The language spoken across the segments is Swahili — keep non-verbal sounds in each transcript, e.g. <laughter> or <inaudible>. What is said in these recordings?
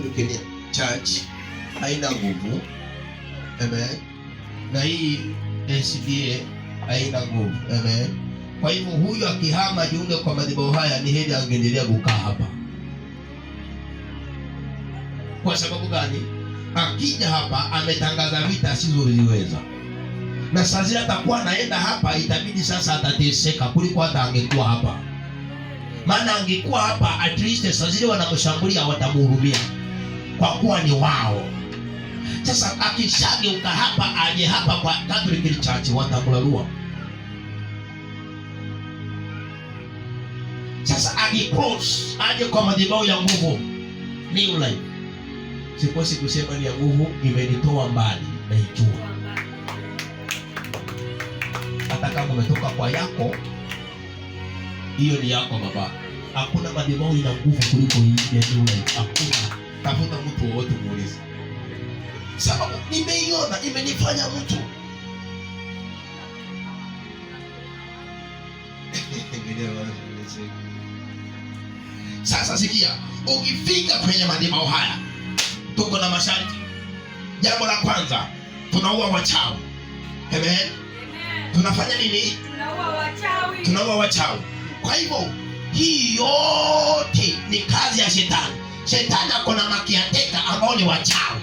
Anglican Church haina nguvu. Amen. Na hii SDA haina nguvu. Amen. Kwa hivyo huyu akihama jiunge kwa madhabahu haya ni heri angeendelea kukaa hapa. Kwa sababu gani? Akija hapa ametangaza vita asizoziweza. Na sasa atakuwa anaenda hapa, itabidi sasa atateseka kuliko hata angekuwa hapa. Maana angekuwa hapa at least sasa zile wanamshambulia watamhurumia kwa kuwa ni wao. Sasa akishageuka hapa aje hapa kwa Catholic Church watakulalua. Sasa ajicross aje kwa madhabahu ya nguvu New Life. Sikosi kusema ni ya nguvu imenitoa mbali na ijua. Hata kama umetoka kwa yako, hiyo ni yako baba. Hakuna madhabahu ina nguvu kuliko hii ya New Life. Hakuna. Tafuta wote muulize, sababu nimeiona imenifanya mtu Sasa sikia, ukifika kwenye madhabahu haya, tuko na masharti. Jambo la kwanza, tunaua wachawi. Amen. Amen. Tunafanya nini? Tunaua wachawi. Tunaua wachawi. Kwa hivyo hii yote ni kazi ya shetani. Shetani ako na makiateka ambao ni wachawi,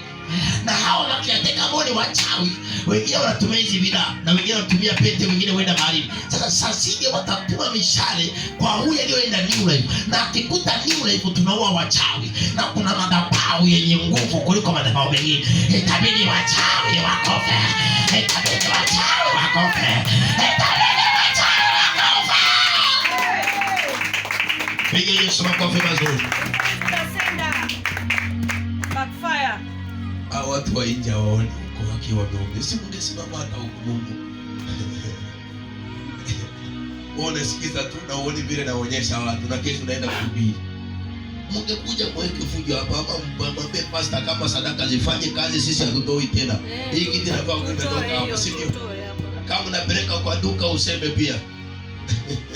na hao makiateka ambao ni wachawi, wengine wanatumia hizi bidhaa na wengine wanatumia pete, wengine wenda baharini. Sasa sasije watapima mishale kwa huyu aliyoenda New Life, na akikuta New Life tunaua wachawi, na kuna madhabahu yenye nguvu kuliko madhabahu mengine. Itabidi wachawi wakofe, itabidi wachawi wakofe, itabidi wachawi wakofe. Piga mazuri. au ah, watu wa nje waone huko wakiwa wameumia, si ungesimama hata huko Mungu <laughs> sikiza tu na uone vile naonyesha watu, na kesho naenda kuhubiri. Mngekuja mweke fujo hapa ama mwambie pasta, kama sadaka zifanye kazi, sisi hatutoi tena. Eh, Hii kitu inafaa kumetoka hapa, si ndio? Kama unapeleka kwa duka useme pia.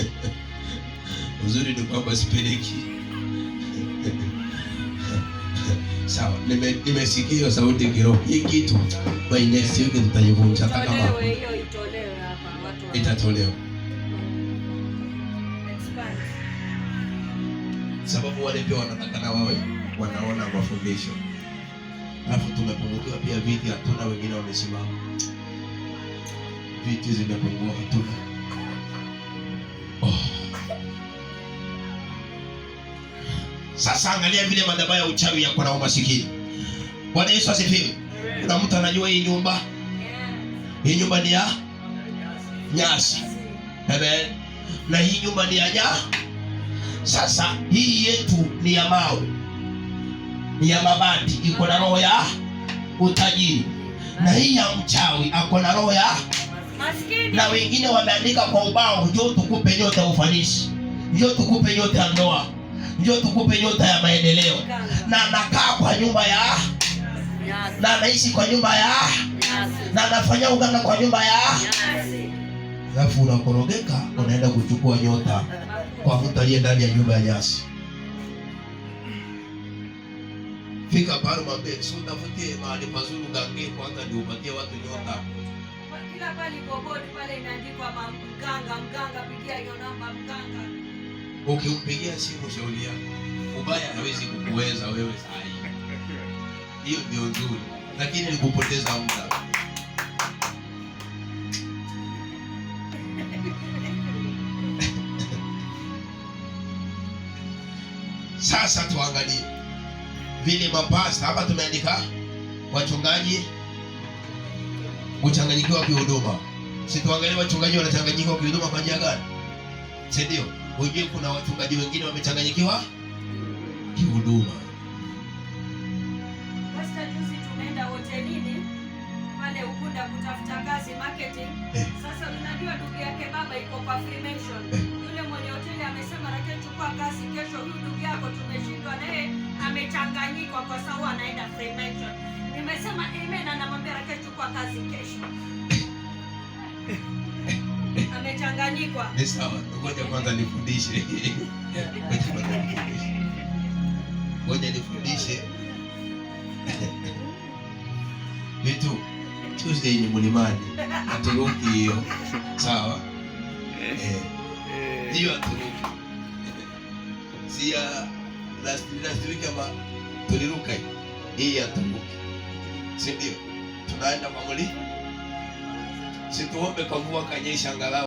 <laughs> Uzuri ni kwamba sipeleki Sawa, nimesikia nime sauti kiroho. Hii kitu by next week nitaivunja hata kama itatolewa, mm. sababu wale pia wanataka na wawe wanaona mafundisho, alafu tumepungukiwa pia viti, hatuna wengine wamesimama, viti zimepungua, hatuna Sasa angalia vile madhabahu ya uchawi yako na umasikini. Bwana Yesu asifiwe. Kuna mtu anajua hii nyumba. Hii nyumba ni ya nyasi. Amen. Na hii nyumba ni ya nya. Sasa hii yetu ni ya mawe. Ni ya mabati, iko na roho ya utajiri. Na hii ya mchawi ako na roho ya maskini. Na wengine wameandika kwa ubao, njoo tukupe nyote ufanisi. Njoo tukupe nyote ndoa njoo tukupe nyota ya maendeleo. Na nakaa kwa nyumba ya na naishi kwa nyumba ya na nafanya uganga kwa nyumba ya alafu unakorogeka unaenda kuchukua nyota kwa mtu aliye ndani ya nyumba ya nyasi. Fika pale mwambie, si utafutie mahali pazuri ugangie kwanza ndio upatie watu nyota. Kila pale popote pale inaandikwa mganga, mganga, pigia hiyo namba mganga. Ukimpigia simu shauri yako, ubaya hawezi kukuweza wewe saa hii. Hiyo ndio nzuri, lakini ni kupoteza muda. Sasa tuangalie vile mapasta hapa, tumeandika wachungaji kuchanganyikiwa kihuduma. Situangalie wachungaji wanachanganyikiwa kihuduma kwa njia gani, si ndio? Wenyewe kuna wachungaji wengine wamechanganyikiwa kihuduma. Pastor, juzi tumeenda nini pale Ukunda kutafuta kazi marketing. Eh. Sasa unajua ndugu yake baba iko kwa free mention. Eh. Yule mwenye hoteli amesema rake chukua kazi kesho, huyu ndugu yako tumeshindwa naye amechanganyikwa kwa sababu anaenda mention. Nimesema amen, anamwambia rake chukua kazi kesho. Eh. <laughs> Eh. <laughs> amechanganyikwa. Ni sawa, ngoja kwanza nifundishe, <laughs> ngoja nifundishe <laughs> vitu Tuesday ni mlimani, aturuki hiyo sawa, eh. Eh. Eh. hiyo aturuki si ya last tuliruka hii aturuki, si ndio? Tunaenda kwa mlima situombe kamvua kanyesha angalau